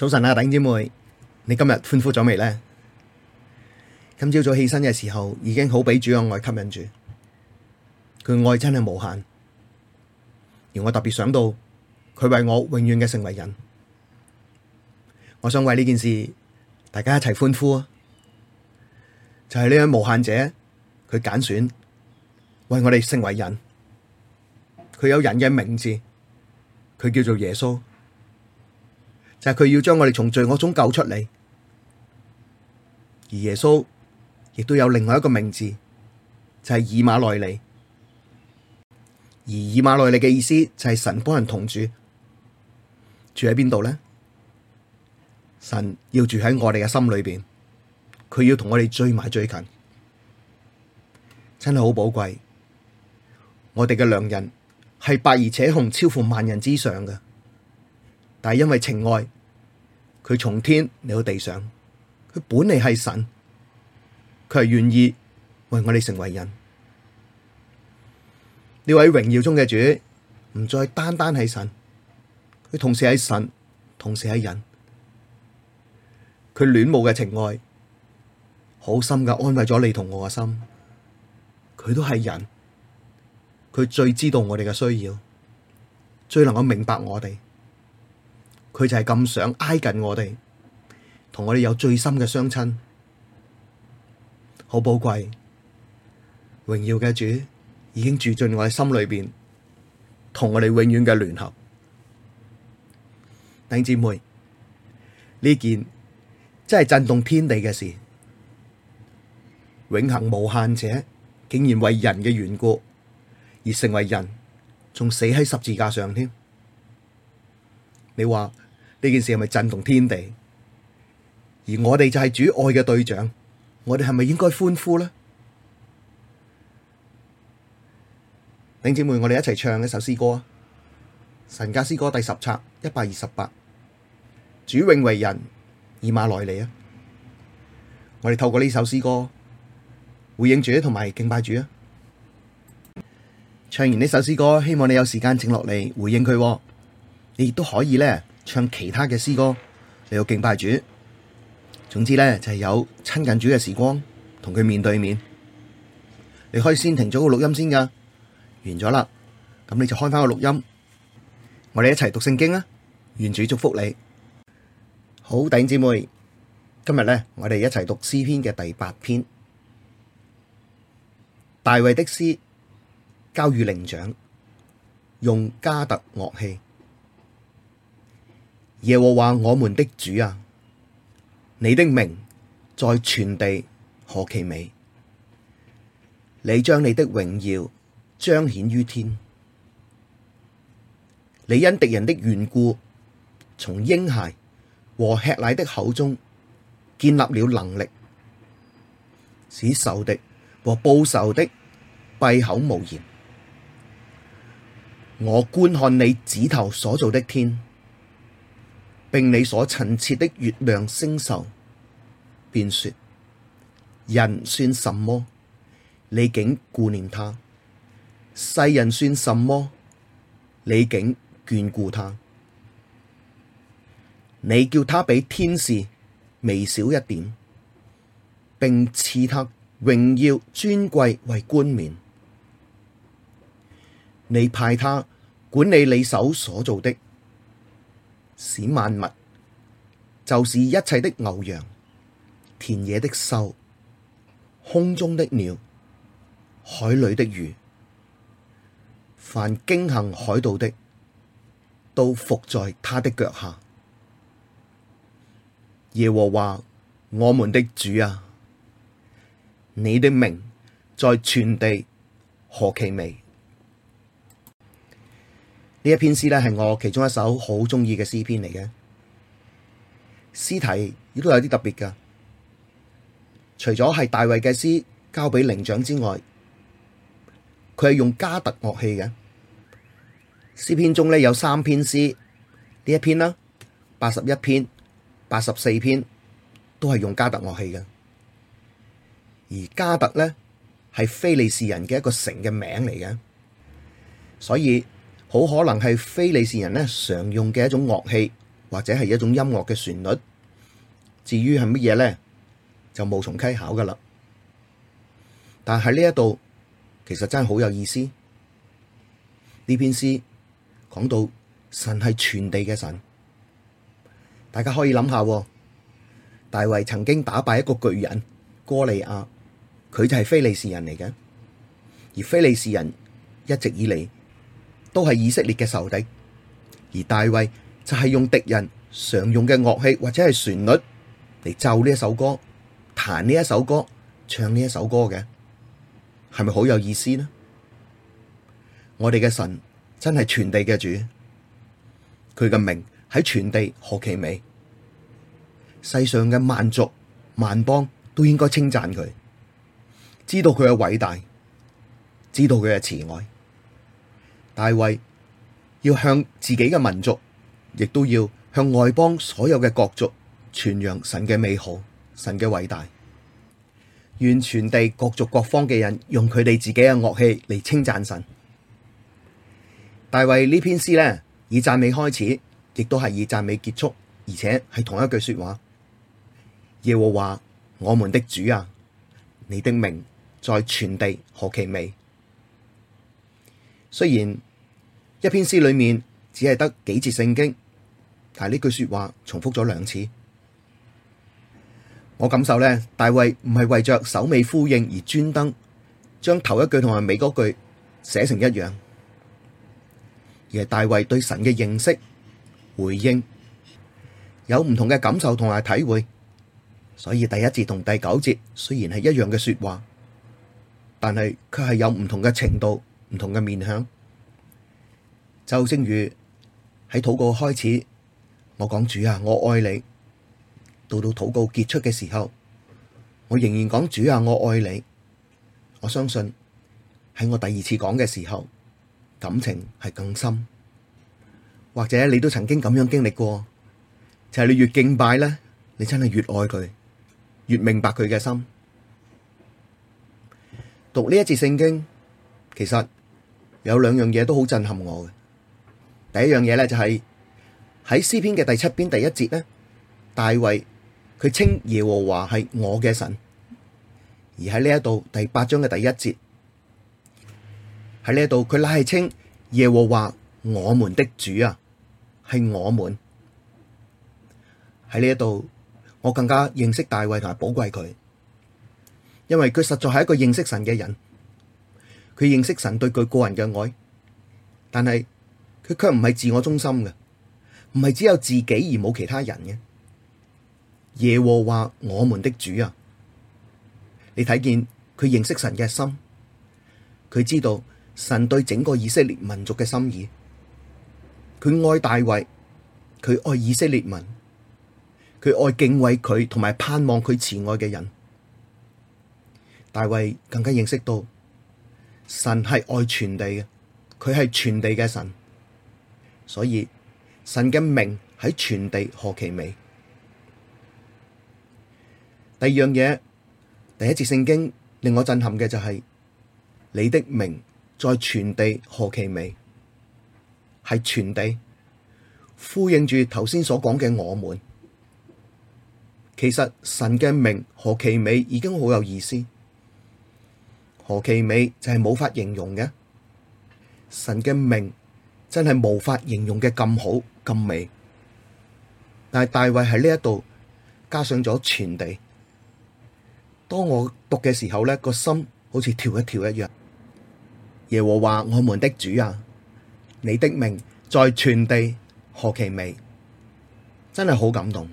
早晨啊，頂姐妹，你今日歡呼咗未呢？今朝早起身嘅時候，已經好俾主嘅愛吸引住。佢愛真係無限，而我特別想到佢為我永遠嘅成為人。我想為呢件事，大家一齊歡呼啊！就係呢位無限者，佢揀選為我哋成為人，佢有人嘅名字，佢叫做耶穌。就係佢要將我哋從罪惡中救出嚟。而耶穌亦都有另外一個名字，就係以馬內利。而以馬內利嘅意思就係神幫人同住，住喺邊度呢？神要住喺我哋嘅心裏邊，佢要同我哋追埋最近，真係好寶貴。我哋嘅良人係白而且紅，超乎萬人之上嘅。但係因為情愛，佢從天嚟到地上，佢本嚟係神，佢係願意為我哋成為人。呢位榮耀中嘅主唔再單單係神，佢同時係神，同時係人。佢戀慕嘅情愛，好深嘅安慰咗你同我嘅心。佢都係人，佢最知道我哋嘅需要，最能夠明白我哋。佢就係咁想挨近我哋，同我哋有最深嘅相親，好寶貴。榮耀嘅主已經住進我哋心裏邊，同我哋永遠嘅聯合。弟兄姊妹，呢件真係震動天地嘅事，永恆無限者竟然為人嘅緣故而成為人，仲死喺十字架上添。你話？呢件事係咪震動天地？而我哋就係主愛嘅對象，我哋係咪應該歡呼呢？弟兄姊妹，我哋一齊唱一首詩歌啊！神家詩歌第十冊一百二十八，主永為人以馬內利啊！我哋透過呢首詩歌回應主，同埋敬拜主啊！唱完呢首詩歌，希望你有時間靜落嚟回應佢。你亦都可以咧。唱其他嘅詩歌，你又敬拜主，總之呢就係、是、有親近主嘅時光，同佢面對面。你可以先停咗個錄音先㗎，完咗啦，咁你就開翻個錄音，我哋一齊讀聖經啊！願主祝福你，好，弟兄姊妹。今日呢，我哋一齊讀詩篇嘅第八篇，大衛的詩，交與伶長，用迦特樂器。耶和華我們的主啊，你的名在全地何其美！你將你的榮耀彰顯於天，你因敵人的緣故，從嬰孩和吃奶的口中，建立了能力，使仇敵和報仇的閉口無言。我觀看你指頭所造的天。並你所陳設的月亮星宿，便說：人算什麼，你竟顧念他；世人算什麼，你竟眷顧他？你叫他比天使微小一點，並賜他榮耀尊貴為冠冕。你派他管理你手所造的。使萬物，就是一切的牛羊、田野的獸、空中的鳥、海裡的魚，凡經行海道的，都服在他的腳下。耶和華我們的主啊，你的名在全地何其美！呢一篇詩咧係我其中一首好鍾意嘅詩篇嚟嘅。詩題亦都有啲特別噶除咗係大衛嘅詩交俾伶長之外，佢係用加特樂器嘅。詩篇中咧有三篇詩，呢一篇啦，八十一篇、八十四篇都係用加特樂器嘅。而加特咧係非利士人嘅一個城嘅名嚟嘅，所以。好可能係非利士人咧常用嘅一種樂器，或者係一種音樂嘅旋律。至於係乜嘢呢？就無從稽考噶啦。但係呢一度其實真係好有意思。呢篇詩講到神係全地嘅神，大家可以諗下，大衛曾經打敗一個巨人哥利亞，佢就係非利士人嚟嘅，而非利士人一直以嚟。都係以色列嘅仇敵，而大衛就係用敵人常用嘅樂器或者係旋律嚟奏呢一首歌、彈呢一首歌、唱呢一首歌嘅，係咪好有意思呢？我哋嘅神真係全地嘅主，佢嘅名喺全地何其美，世上嘅萬族萬邦都應該稱讚佢，知道佢嘅偉大，知道佢嘅慈愛。大衛要向自己嘅民族，亦都要向外邦所有嘅國族傳揚神嘅美好、神嘅偉大，願全地各族各方嘅人用佢哋自己嘅樂器嚟稱讚神。大衛呢篇詩呢以讚美開始，亦都係以讚美結束，而且係同一句說話：耶和華我們的主啊，你的名在全地何其美！雖然一篇詩裏面只係得幾節聖經，但係呢句說話重複咗兩次，我感受呢，大衛唔係為着首尾呼應而專登將頭一句同埋尾句寫成一樣，而係大衛對神嘅認識回應有唔同嘅感受同埋體會，所以第一節同第九節雖然係一樣嘅說話，但係卻係有唔同嘅程度。唔同嘅面向，就正如喺禱告開始，我講主啊，我愛你，到到禱告結束嘅時候，我仍然講主啊，我愛你。我相信喺我第二次講嘅時候，感情係更深。或者你都曾經咁樣經歷過，就係你越敬拜咧，你真係越愛佢，越明白佢嘅心。讀呢一節聖經，其實。有兩樣嘢都好震撼我嘅。第一樣嘢咧就係、是、喺詩篇嘅第七篇第一節咧，大衛佢稱耶和華係我嘅神。而喺呢一度第八章嘅第一節，喺呢一度佢拉係稱耶和華我們的主啊，係我們喺呢一度，我更加認識大衛同埋寶貴佢，因為佢實在係一個認識神嘅人。佢認識神對佢個人嘅愛，但係佢卻唔係自我中心嘅，唔係只有自己而冇其他人嘅。耶和華我們的主啊，你睇見佢認識神嘅心，佢知道神對整個以色列民族嘅心意。佢愛大衛，佢愛以色列民，佢愛敬畏佢同埋盼望佢慈愛嘅人。大衛更加認識到。神係愛全地嘅，佢係全地嘅神，所以神嘅名喺全地何其美。第二樣嘢，第一節聖經令我震撼嘅就係、是，你的名在全地何其美，係全地呼應住頭先所講嘅我們。其實神嘅名何其美已經好有意思。何其美，就係冇法形容嘅。神嘅名真係冇法形容嘅咁好咁美。但係大衛喺呢一度加上咗全地。當我讀嘅時候，呢個心好似跳一跳一樣。耶和華我們的主啊，你的名在全地，何其美！真係好感動。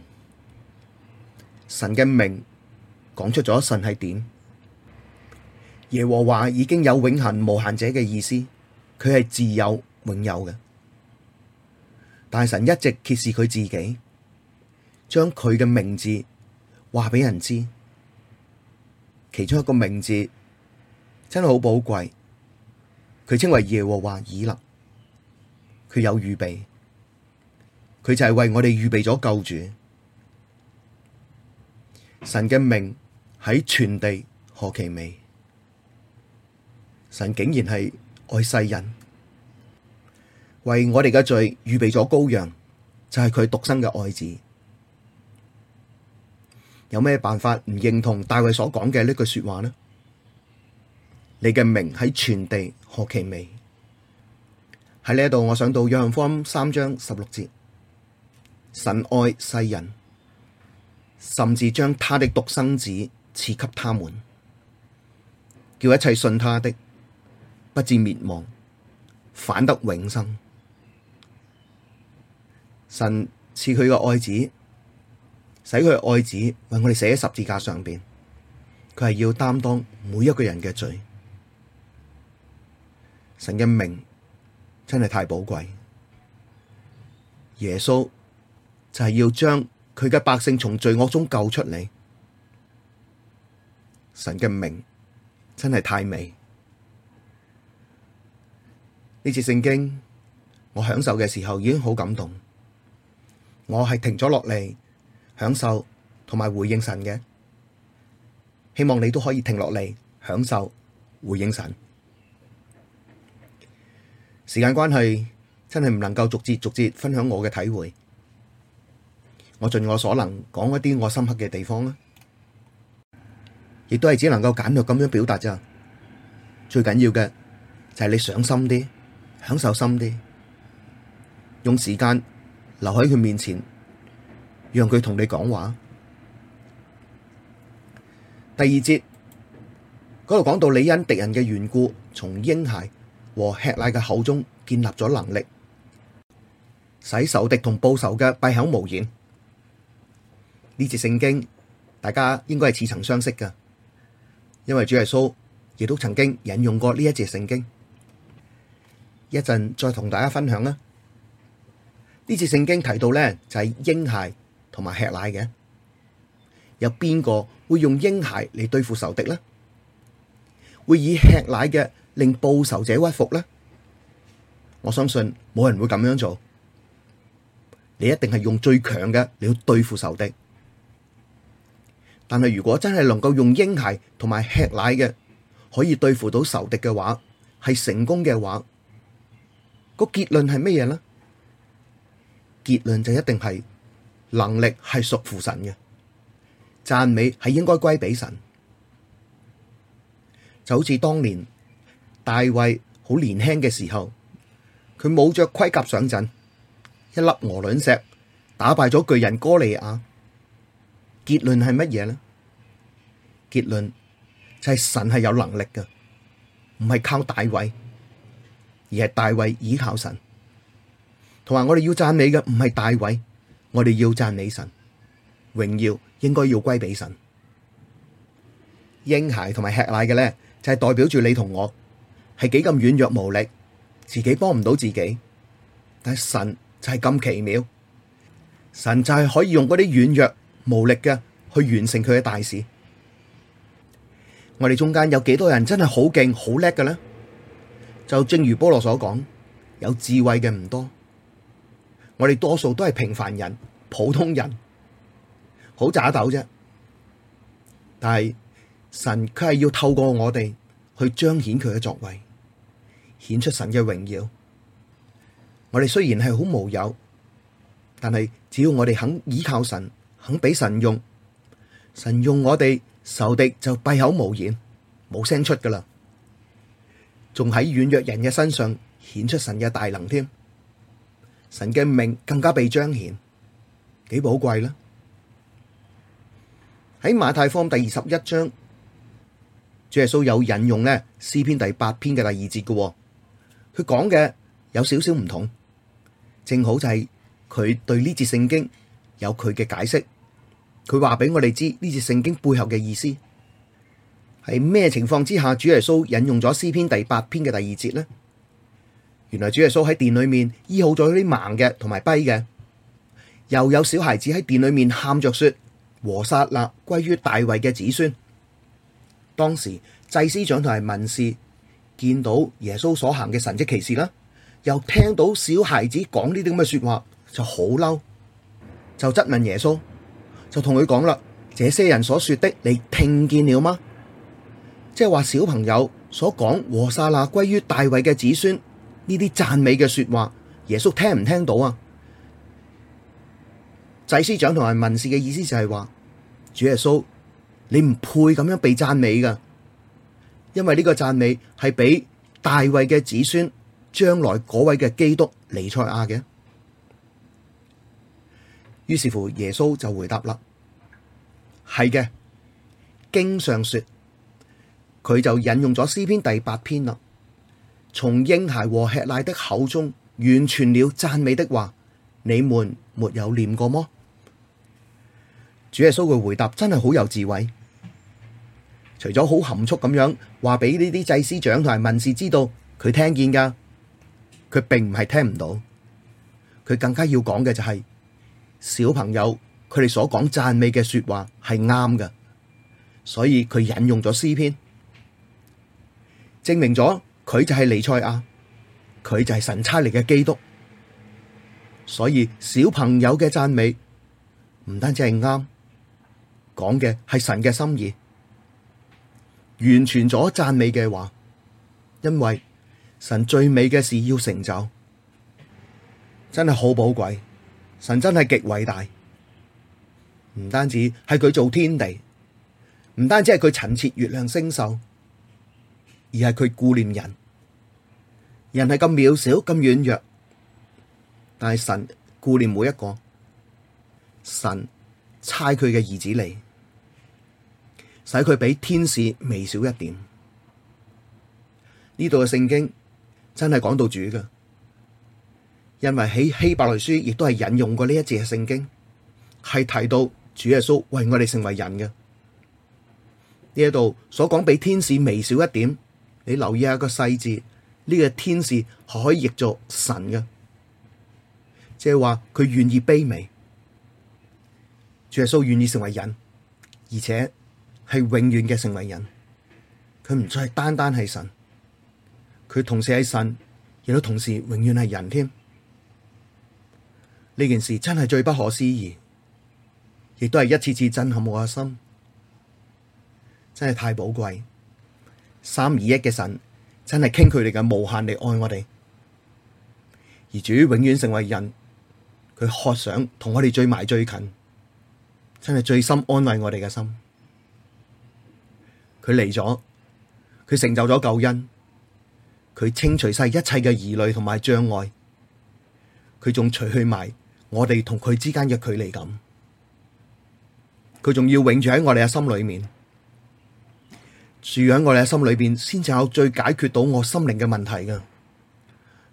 神嘅名講出咗神係點。耶和華已經有永恒無限者嘅意思，佢係自有永有嘅。但係神一直揭示佢自己，將佢嘅名字話畀人知。其中一個名字真係好寶貴，佢稱為耶和華以勒。佢有預備，佢就係為我哋預備咗救主。神嘅名喺全地何其美！神竟然係愛世人，為我哋嘅罪預備咗羔羊，就係、是、佢獨生嘅愛子。有咩辦法唔認同大衛所講嘅呢句說話呢？你嘅名喺全地何其美！喺呢度，我想到約翰福音三章十六節，神愛世人，甚至將他的獨生子賜給他們，叫一切信他的。不至滅亡，反得永生。神賜佢嘅愛子，使佢愛子為我哋死喺十字架上邊。佢係要擔當每一個人嘅罪。神嘅名真係太寶貴。耶穌就係要將佢嘅百姓從罪惡中救出嚟。神嘅名真係太美。呢次聖經，我享受嘅時候已經好感動，我係停咗落嚟享受同埋回應神嘅，希望你都可以停落嚟享受回應神。時間關係，真係唔能夠逐節逐節分享我嘅體會，我盡我所能講一啲我深刻嘅地方啦，亦都係只能夠簡略咁樣表達咋。最緊要嘅就係你上心啲。享受深啲，用時間留喺佢面前，讓佢同你講話。第二節嗰度講到，你因敵人嘅緣故，從嬰孩和吃奶嘅口中建立咗能力，使仇敵同報仇嘅閉口無言。呢節聖經，大家應該係似曾相識㗎，因為主耶穌亦都曾經引用過呢一節聖經。一陣再同大家分享啦。呢次聖經提到呢，就係嬰孩同埋吃奶嘅，有邊個會用嬰孩嚟對付仇敵呢？會以吃奶嘅令報仇者屈服呢？我相信冇人會咁樣做。你一定係用最強嘅嚟去對付仇敵。但係如果真係能夠用嬰孩同埋吃奶嘅，可以對付到仇敵嘅話，係成功嘅話。個結論係乜嘢呢？結論就一定係能力係屬乎神嘅，讚美係應該歸俾神。就好似當年大衛好年輕嘅時候，佢冇着盔甲上陣，一粒鵝卵石打敗咗巨人哥利亞。結論係乜嘢呢？結論就係神係有能力嘅，唔係靠大衛。而係大衛倚靠神，同埋我哋要讚你嘅唔係大衛，我哋要讚你神，榮耀應該要歸俾神。嬰孩同埋吃奶嘅咧，就係代表住你同我係幾咁軟弱無力，自己幫唔到自己，但係神就係咁奇妙，神就係可以用嗰啲軟弱無力嘅去完成佢嘅大事。我哋中間有幾多人真係好勁好叻嘅咧？就正如波羅所講，有智慧嘅唔多，我哋多數都係平凡人、普通人，好渣斗啫。但係神佢係要透過我哋去彰顯佢嘅作為，顯出神嘅榮耀。我哋雖然係好無有，但係只要我哋肯依靠神，肯俾神用，神用我哋仇敵就閉口無言，冇聲出噶啦。仲喺軟弱人嘅身上顯出神嘅大能添，神嘅名更加被彰顯，幾寶貴啦！喺馬太福音第二十一章，主耶穌有引用咧詩篇第八篇嘅第二節嘅，佢講嘅有少少唔同，正好就係佢對呢節聖經有佢嘅解釋，佢話俾我哋知呢節聖經背後嘅意思。係咩情況之下，主耶穌引用咗詩篇第八篇嘅第二節呢？原來主耶穌喺殿裏面醫好咗啲盲嘅同埋跛嘅，又有小孩子喺殿裏面喊着說：和撒勒歸於大衛嘅子孫。當時祭司長同埋文士見到耶穌所行嘅神迹奇事啦，又聽到小孩子講呢啲咁嘅說話，就好嬲，就質問耶穌，就同佢講啦：這些人所說的，你聽見了嗎？即係話小朋友所講和撒那歸於大衛嘅子孫呢啲讚美嘅說話，耶穌聽唔聽到啊？祭司長同埋文士嘅意思就係話，主耶穌你唔配咁樣被讚美噶，因為呢個讚美係俾大衛嘅子孫將來嗰位嘅基督尼塞亞嘅。於是乎，耶穌就回答啦：係嘅，經上說。佢就引用咗詩篇第八篇啦，從嬰孩和吃奶的口中，完全了讚美的話，你們沒有念過麼？主耶穌嘅回答真係好有智慧，除咗好含蓄咁樣話俾呢啲祭司長同埋文士知道佢聽見噶，佢並唔係聽唔到，佢更加要講嘅就係小朋友佢哋所講讚美嘅說話係啱噶，所以佢引用咗詩篇。證明咗佢就係彌賽亞，佢就係神差嚟嘅基督，所以小朋友嘅讚美唔單止係啱，講嘅係神嘅心意，完全咗讚美嘅話，因為神最美嘅事要成就，真係好寶貴，神真係極偉大，唔單止係佢做天地，唔單止係佢陳設月亮星宿。而係佢顧念人，人係咁渺小、咁軟弱，但係神顧念每一個，神差佢嘅兒子嚟，使佢比天使微小一點。呢度嘅聖經真係講到主噶，因為喺希伯來書亦都係引用過呢一節嘅聖經，係提到主耶穌為我哋成為人嘅。呢一度所講比天使微小一點。你留意一下，一個細節，呢個天使可以譯作神嘅，即係話佢願意卑微，主耶穌願意成為人，而且係永遠嘅成為人，佢唔再係單單係神，佢同時係神，亦都同時永遠係人添。呢件事真係最不可思議，亦都係一次次震撼我嘅心，真係太寶貴。三二一嘅神，真係傾佢哋嘅無限嘅愛我哋，而主永遠成為人，佢渴想同我哋最埋最近，真係最深安慰我哋嘅心。佢嚟咗，佢成就咗救恩，佢清除晒一切嘅疑慮同埋障礙，佢仲除去埋我哋同佢之間嘅距離感，佢仲要永住喺我哋嘅心裏面。住喺我哋嘅心裏邊，先至有最解決到我心靈嘅問題嘅。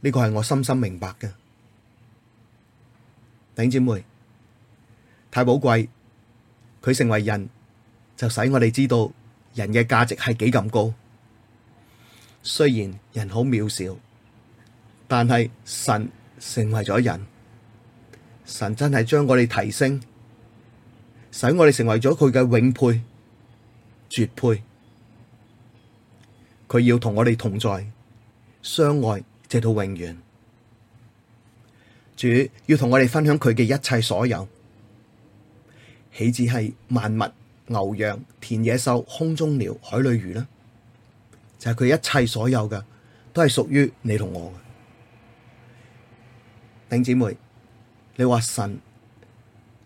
呢個係我深深明白嘅。頂姐妹，太寶貴，佢成為人，就使我哋知道人嘅價值係幾咁高。雖然人好渺小，但係神成為咗人，神真係將我哋提升，使我哋成為咗佢嘅永配、絕配。佢要同我哋同在相愛，直到永遠。主要同我哋分享佢嘅一切所有，豈止係萬物、牛羊、田野獸、空中鳥、海裏魚啦？就係佢一切所有嘅，都係屬於你同我嘅。丁姊妹，你話神，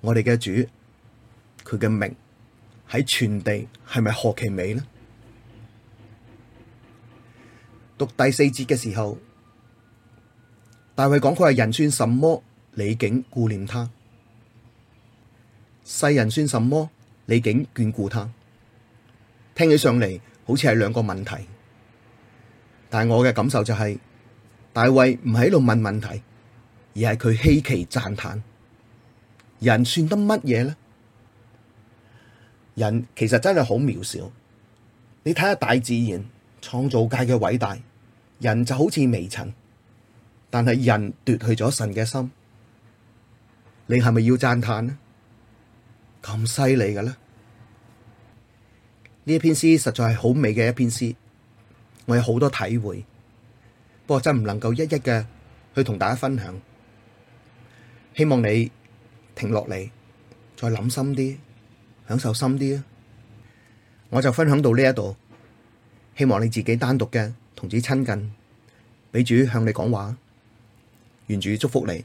我哋嘅主，佢嘅名喺全地係咪何其美呢？讀第四節嘅時候，大衛講佢係人算什麼，你竟顧念他；世人算什麼，你竟眷顧他。聽起上嚟好似係兩個問題，但係我嘅感受就係、是、大衛唔喺度問問題，而係佢稀奇讚嘆：人算得乜嘢呢？人其實真係好渺小，你睇下大自然。創造界嘅偉大，人就好似微塵，但係人奪去咗神嘅心，你係咪要讚嘆呢？咁犀利嘅呢？呢一篇詩實在係好美嘅一篇詩，我有好多體會，不過真唔能夠一一嘅去同大家分享。希望你停落嚟，再諗深啲，享受深啲啊！我就分享到呢一度。希望你自己單獨嘅同主親近，畀主向你講話，願主祝福你。